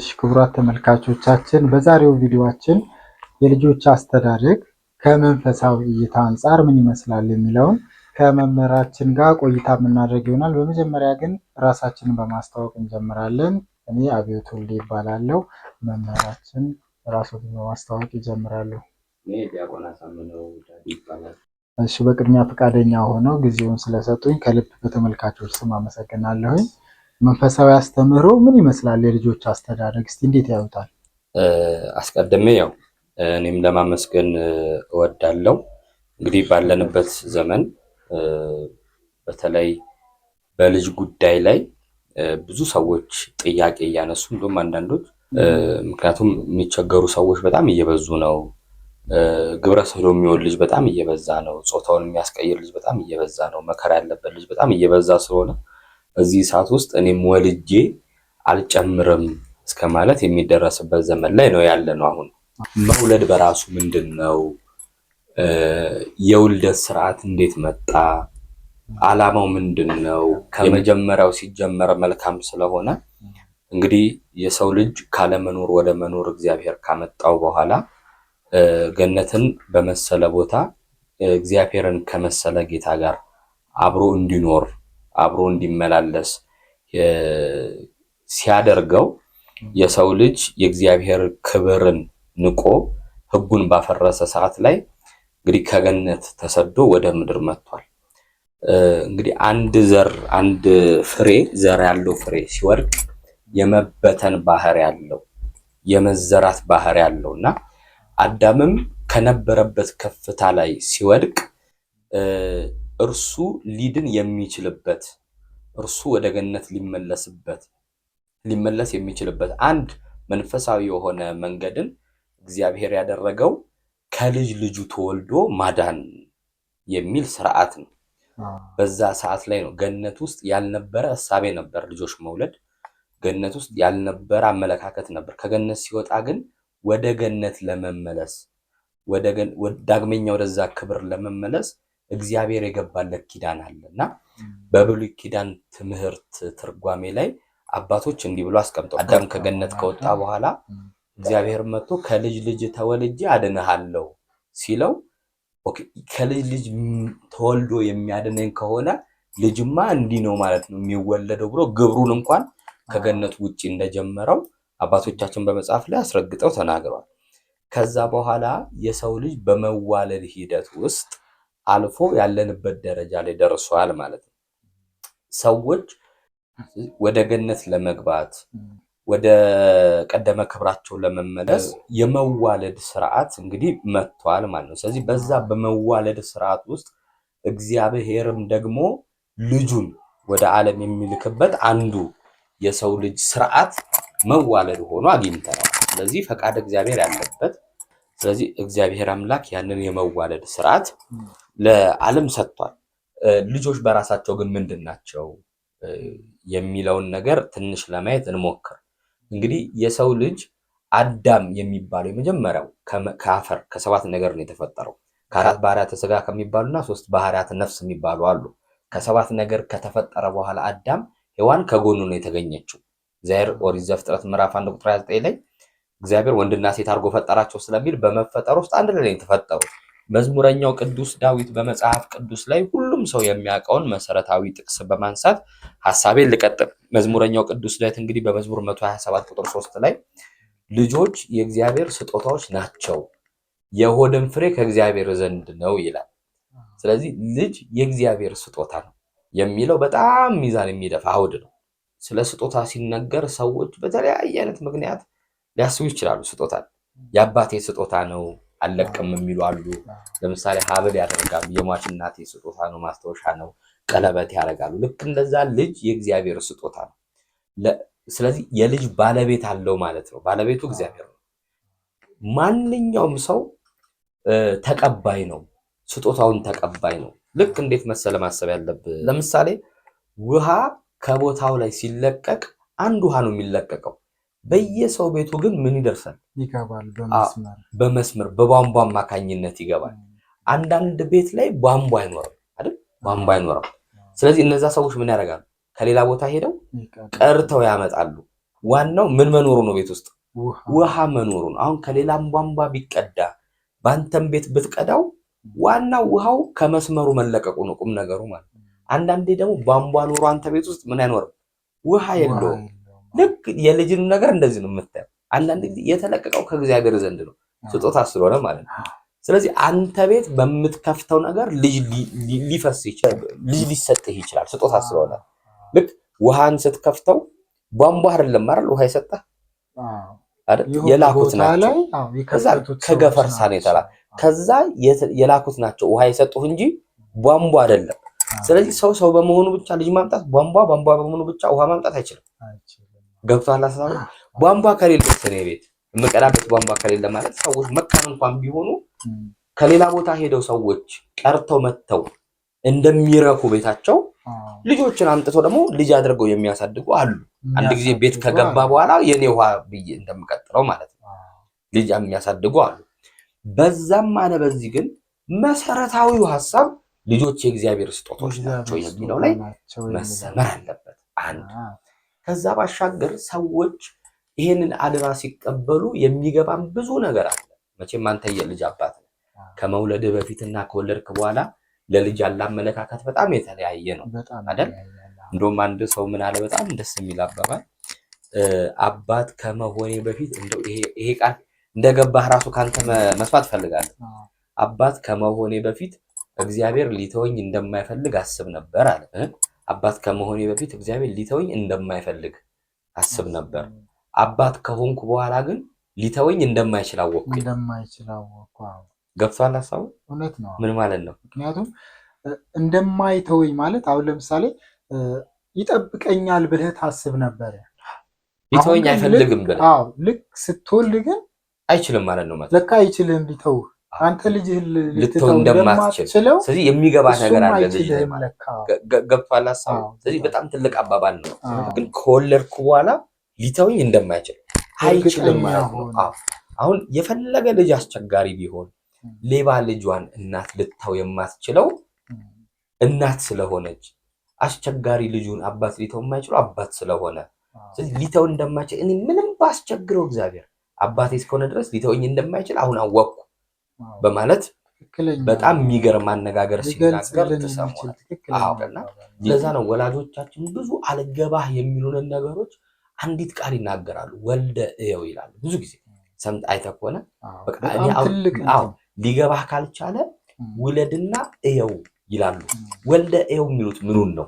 እሺ ክቡራት ተመልካቾቻችን በዛሬው ቪዲዮአችን የልጆች አስተዳደግ ከመንፈሳዊ እይታ አንጻር ምን ይመስላል የሚለውን ከመምህራችን ጋር ቆይታ የምናደርግ ይሆናል። በመጀመሪያ ግን ራሳችንን በማስተዋወቅ እንጀምራለን። እኔ አብዮት ወልዴ ይባላለሁ። መምህራችን ራሱን በማስተዋወቅ ይጀምራሉ። እሺ በቅድሚያ ፈቃደኛ ሆነው ጊዜውን ስለሰጡኝ ከልብ በተመልካቾች ስም አመሰግናለሁኝ። መንፈሳዊ አስተምህሮ ምን ይመስላል? የልጆች አስተዳደግ እስቲ እንዴት ያዩታል? አስቀድሜ ያው እኔም ለማመስገን እወዳለሁ። እንግዲህ ባለንበት ዘመን በተለይ በልጅ ጉዳይ ላይ ብዙ ሰዎች ጥያቄ እያነሱ እንዲሁም አንዳንዶች ምክንያቱም የሚቸገሩ ሰዎች በጣም እየበዙ ነው። ግብረ ሰዶ የሚሆን ልጅ በጣም እየበዛ ነው። ጾታውን የሚያስቀይር ልጅ በጣም እየበዛ ነው። መከራ ያለበት ልጅ በጣም እየበዛ ስለሆነ በዚህ ሰዓት ውስጥ እኔም ወልጄ አልጨምርም እስከ ማለት የሚደረስበት ዘመን ላይ ነው ያለ ነው። አሁን መውለድ በራሱ ምንድን ነው? የውልደት ስርዓት እንዴት መጣ? አላማው ምንድን ነው? ከመጀመሪያው ሲጀመር መልካም ስለሆነ እንግዲህ የሰው ልጅ ካለመኖር ወደ መኖር እግዚአብሔር ካመጣው በኋላ ገነትን በመሰለ ቦታ እግዚአብሔርን ከመሰለ ጌታ ጋር አብሮ እንዲኖር አብሮ እንዲመላለስ ሲያደርገው የሰው ልጅ የእግዚአብሔር ክብርን ንቆ ሕጉን ባፈረሰ ሰዓት ላይ እንግዲህ ከገነት ተሰዶ ወደ ምድር መጥቷል። እንግዲህ አንድ ዘር አንድ ፍሬ ዘር ያለው ፍሬ ሲወድቅ የመበተን ባህሪ ያለው የመዘራት ባህሪ ያለው እና አዳምም ከነበረበት ከፍታ ላይ ሲወድቅ እርሱ ሊድን የሚችልበት እርሱ ወደ ገነት ሊመለስበት ሊመለስ የሚችልበት አንድ መንፈሳዊ የሆነ መንገድን እግዚአብሔር ያደረገው ከልጅ ልጁ ተወልዶ ማዳን የሚል ስርዓት ነው። በዛ ሰዓት ላይ ነው ገነት ውስጥ ያልነበረ እሳቤ ነበር ልጆች መውለድ። ገነት ውስጥ ያልነበረ አመለካከት ነበር። ከገነት ሲወጣ ግን ወደ ገነት ለመመለስ ዳግመኛ ወደዛ ክብር ለመመለስ እግዚአብሔር የገባለት ኪዳን አለ እና በብሉይ ኪዳን ትምህርት ትርጓሜ ላይ አባቶች እንዲህ ብሎ አስቀምጠው አዳም ከገነት ከወጣ በኋላ እግዚአብሔር መጥቶ ከልጅ ልጅ ተወልጄ አድንሃለሁ ሲለው ከልጅ ልጅ ተወልዶ የሚያድነኝ ከሆነ ልጅማ እንዲህ ነው ማለት ነው የሚወለደው ብሎ ግብሩን እንኳን ከገነት ውጭ እንደጀመረው አባቶቻችን በመጽሐፍ ላይ አስረግጠው ተናግረዋል። ከዛ በኋላ የሰው ልጅ በመዋለድ ሂደት ውስጥ አልፎ ያለንበት ደረጃ ላይ ደርሷል ማለት ነው። ሰዎች ወደ ገነት ለመግባት ወደ ቀደመ ክብራቸው ለመመለስ የመዋለድ ስርዓት እንግዲህ መጥቷል ማለት ነው። ስለዚህ በዛ በመዋለድ ስርዓት ውስጥ እግዚአብሔርም ደግሞ ልጁን ወደ ዓለም የሚልክበት አንዱ የሰው ልጅ ስርዓት መዋለድ ሆኖ አግኝተናል። ስለዚህ ፈቃድ እግዚአብሔር ያለበት ስለዚህ እግዚአብሔር አምላክ ያንን የመዋለድ ስርዓት ለዓለም ሰጥቷል። ልጆች በራሳቸው ግን ምንድን ናቸው የሚለውን ነገር ትንሽ ለማየት እንሞክር። እንግዲህ የሰው ልጅ አዳም የሚባለው የመጀመሪያው ከአፈር ከሰባት ነገር ነው የተፈጠረው። ከአራት ባህሪያተ ስጋ ከሚባሉና ሶስት ባህሪያተ ነፍስ የሚባሉ አሉ። ከሰባት ነገር ከተፈጠረ በኋላ አዳም ሔዋን ከጎኑ ነው የተገኘችው። እግዚአብሔር ኦሪት ዘፍጥረት ምዕራፍ አንድ ቁጥር 29 ላይ እግዚአብሔር ወንድና ሴት አድርጎ ፈጠራቸው ስለሚል በመፈጠር ውስጥ አንድ ላይ የተፈጠሩት። መዝሙረኛው ቅዱስ ዳዊት በመጽሐፍ ቅዱስ ላይ ሁሉም ሰው የሚያውቀውን መሰረታዊ ጥቅስ በማንሳት ሀሳቤን ልቀጥል። መዝሙረኛው ቅዱስ ዳዊት እንግዲህ በመዝሙር 127 ቁጥር 3 ላይ ልጆች የእግዚአብሔር ስጦታዎች ናቸው፣ የሆድን ፍሬ ከእግዚአብሔር ዘንድ ነው ይላል። ስለዚህ ልጅ የእግዚአብሔር ስጦታ ነው የሚለው በጣም ሚዛን የሚደፋ አውድ ነው። ስለ ስጦታ ሲነገር ሰዎች በተለያየ አይነት ምክንያት ሊያስቡ ይችላሉ። ስጦታል የአባቴ ስጦታ ነው አለቅም የሚሉ አሉ። ለምሳሌ ሀብል ያደርጋሉ። የሟች እናቴ ስጦታ ነው፣ ማስታወሻ ነው። ቀለበት ያደርጋሉ። ልክ እንደዛ ልጅ የእግዚአብሔር ስጦታ ነው። ስለዚህ የልጅ ባለቤት አለው ማለት ነው። ባለቤቱ እግዚአብሔር ነው። ማንኛውም ሰው ተቀባይ ነው፣ ስጦታውን ተቀባይ ነው። ልክ እንዴት መሰለ ማሰብ ያለብህ፣ ለምሳሌ ውሃ ከቦታው ላይ ሲለቀቅ አንድ ውሃ ነው የሚለቀቀው በየሰው ቤቱ ግን ምን ይደርሳል? ይገባል። በመስመር በቧንቧ አማካኝነት ይገባል። አንዳንድ ቤት ላይ ቧንቧ አይኖርም አይደል? ቧንቧ አይኖርም። ስለዚህ እነዛ ሰዎች ምን ያደርጋሉ? ከሌላ ቦታ ሄደው ቀርተው ያመጣሉ። ዋናው ምን መኖሩ ነው? ቤት ውስጥ ውሃ መኖሩ ነው። አሁን ከሌላም ቧንቧ ቢቀዳ በአንተም ቤት ብትቀዳው ዋናው ውሃው ከመስመሩ መለቀቁ ነው ቁም ነገሩ ማለት። አንዳንዴ ደግሞ ቧንቧ ኖሮ አንተ ቤት ውስጥ ምን አይኖርም? ውሃ የለውም። ልክ የልጅን ነገር እንደዚህ ነው የምታየው። አንዳንድ ጊዜ የተለቀቀው ከእግዚአብሔር ዘንድ ነው ስጦታ ስለሆነ ማለት ነው። ስለዚህ አንተ ቤት በምትከፍተው ነገር ልጅ ሊፈስ ይችላል፣ ልጅ ሊሰጥህ ይችላል ስጦታ ስለሆነ። ልክ ውሃን ስትከፍተው ቧንቧ አይደለም አይደል ውሃ የሰጠህ የላኩት ናቸው። ከገፈርሳ ነው የተላ ከዛ የላኩት ናቸው ውሃ የሰጡህ እንጂ ቧንቧ አይደለም። ስለዚህ ሰው ሰው በመሆኑ ብቻ ልጅ ማምጣት ቧንቧ ቧንቧ በመሆኑ ብቻ ውሃ ማምጣት አይችልም። ገብቷል ሀሳቡ። ቧንቧ ከሌለ ስኔ ቤት የምቀዳበት ቧንቧ ከሌለ ማለት ሰዎች መካን እንኳን ቢሆኑ ከሌላ ቦታ ሄደው ሰዎች ቀርተው መጥተው እንደሚረኩ ቤታቸው ልጆችን አምጥተው ደግሞ ልጅ አድርገው የሚያሳድጉ አሉ። አንድ ጊዜ ቤት ከገባ በኋላ የኔ ውሃ ብዬ እንደምቀጥለው ማለት ነው ልጅ የሚያሳድጉ አሉ። በዛም አለ በዚህ ግን መሰረታዊው ሀሳብ ልጆች የእግዚአብሔር ስጦቶች ናቸው የሚለው ላይ መሰመር አለበት አንድ ከዛ ባሻገር ሰዎች ይሄንን አደራ ሲቀበሉ የሚገባም ብዙ ነገር አለ። መቼም አንተ የልጅ አባት ነው። ከመውለድ በፊትና ከወለድክ በኋላ ለልጅ ያለ አመለካከት በጣም የተለያየ ነው አይደል? እንደውም አንድ ሰው ምን አለ፣ በጣም ደስ የሚል አባባል፣ አባት ከመሆኔ በፊት ይሄ ቃል እንደገባህ ራሱ ካንተ መስፋት ፈልጋለሁ። አባት ከመሆኔ በፊት እግዚአብሔር ሊተወኝ እንደማይፈልግ አስብ ነበር አለ። አባት ከመሆኔ በፊት እግዚአብሔር ሊተወኝ እንደማይፈልግ አስብ ነበር። አባት ከሆንኩ በኋላ ግን ሊተወኝ እንደማይችል አወቅኩ። ገብቷል ሀሳቡ? እውነት ነው። ምን ማለት ነው? ምክንያቱም እንደማይተወኝ ማለት አሁን ለምሳሌ ይጠብቀኛል ብለህ ታስብ ነበር። ሊተወኝ አይፈልግም ብለህ ልክ ስትወልድ ግን አይችልም ማለት ነው። ለካ አይችልም ሊተውህ አንተ ልጅ ልትተው እንደማትችል ስለዚህ የሚገባ ነገር አለ። ገብቷል ሀሳቡ። ስለዚህ በጣም ትልቅ አባባል ነው፣ ግን ከወለድኩ በኋላ ሊተውኝ እንደማይችል አይችልም አሁን የፈለገ ልጅ አስቸጋሪ ቢሆን ሌባ ልጇን እናት ልትተው የማትችለው እናት ስለሆነች፣ አስቸጋሪ ልጁን አባት ሊተው የማይችለው አባት ስለሆነ፣ ስለዚህ ሊተው እንደማይችል እኔ ምንም ባስቸግረው እግዚአብሔር አባቴ እስከሆነ ድረስ ሊተውኝ እንደማይችል አሁን አወቅኩ። በማለት በጣም የሚገርም አነጋገር ሲናገር ትሰማለህና ለዛ ነው ወላጆቻችን ብዙ አልገባህ የሚሉንን ነገሮች አንዲት ቃል ይናገራሉ። ወልደ እየው ይላሉ። ብዙ ጊዜ ሰምተህ አይተህ ከሆነ ሊገባህ ካልቻለ ውለድና እየው ይላሉ። ወልደ እየው የሚሉት ምኑን ነው?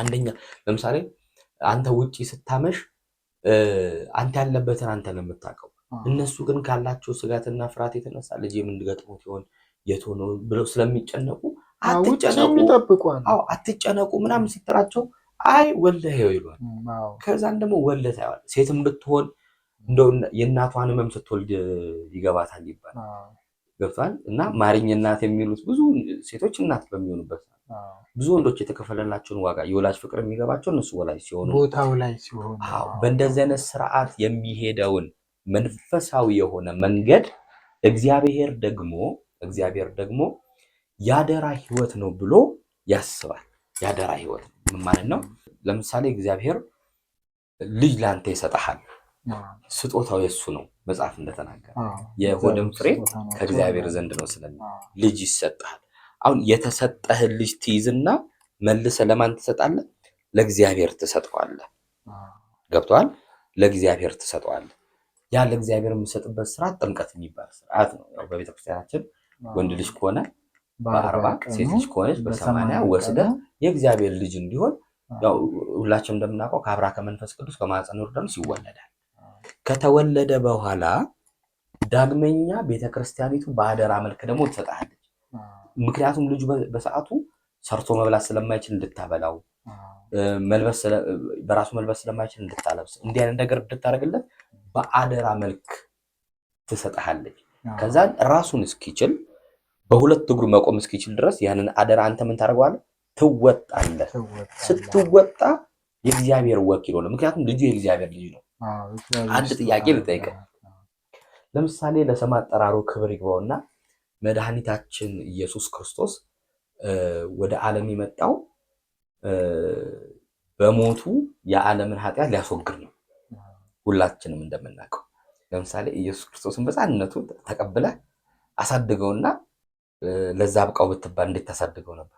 አንደኛ ለምሳሌ አንተ ውጪ ስታመሽ አንተ ያለበትን አንተ ነው የምታውቀው። እነሱ ግን ካላቸው ስጋትና ፍርሃት የተነሳ ልጅ የምንገጥሞት ይሆን የት ሆኖ ብለው ስለሚጨነቁ አትጨነቁ ምናምን ስትላቸው አይ ወለህ ይው ይሏል። ከዛን ደግሞ ወለህ ታይዋል። ሴትም ብትሆን እንደው የእናቷን ህመም ስትወልድ ይገባታል ይባል ገብቷል። እና ማሪኝ እናት የሚሉት ብዙ ሴቶች እናት በሚሆኑበት ብዙ ወንዶች የተከፈለላቸውን ዋጋ የወላጅ ፍቅር የሚገባቸው እነሱ ወላጅ ሲሆኑ ቦታው ላይ ሲሆኑ በእንደዚህ አይነት ስርዓት የሚሄደውን መንፈሳዊ የሆነ መንገድ እግዚአብሔር ደግሞ እግዚአብሔር ደግሞ ያደራ ህይወት ነው ብሎ ያስባል። ያደራ ህይወት ምን ማለት ነው? ለምሳሌ እግዚአብሔር ልጅ ለአንተ ይሰጠሃል። ስጦታው የሱ ነው። መጽሐፍ እንደተናገረ የሆድም ፍሬ ከእግዚአብሔር ዘንድ ነው ስለሚል ልጅ ይሰጠሃል። አሁን የተሰጠህን ልጅ ትይዝና መልሰ ለማን ትሰጣለህ? ለእግዚአብሔር ትሰጠዋለህ። ገብቶሃል? ለእግዚአብሔር ትሰጠዋለህ። ያ ለእግዚአብሔር የምንሰጥበት ስርዓት ጥምቀት የሚባል ስርዓት ነው። ያው በቤተክርስቲያናችን ወንድ ልጅ ከሆነ በአርባ ሴት ልጅ ከሆነች በሰማንያ ወስደ የእግዚአብሔር ልጅ እንዲሆን ያው ሁላችን እንደምናውቀው ከአብራ ከመንፈስ ቅዱስ ከማፀን ዮርዳኖስ ይወለዳል። ከተወለደ በኋላ ዳግመኛ ቤተክርስቲያኒቱ በአደራ መልክ ደግሞ ትሰጣለች። ምክንያቱም ልጁ በሰዓቱ ሰርቶ መብላት ስለማይችል እንድታበላው በራሱ መልበስ ስለማይችል እንድታለብስ እንዲህ አይነት ነገር እንድታደርግለት በአደራ መልክ ትሰጣለች ከዛን ራሱን እስኪችል በሁለት እግሩ መቆም እስኪችል ድረስ ያንን አደራ አንተ ምን ታደርገዋለህ? ትወጣለህ። ስትወጣ የእግዚአብሔር ወኪል ሆነ። ምክንያቱም ልጁ የእግዚአብሔር ልጅ ነው። አንድ ጥያቄ ልጠይቅህ። ለምሳሌ ለስም አጠራሩ ክብር ይግባውና መድኃኒታችን ኢየሱስ ክርስቶስ ወደ ዓለም የመጣው በሞቱ የዓለምን ኃጢአት ሊያስወግድ ነው። ሁላችንም እንደምናውቀው ለምሳሌ ኢየሱስ ክርስቶስን በሕፃንነቱ ተቀብለህ አሳድገውና ለዛ አብቃው ብትባል እንዴት ታሳድገው ነበር?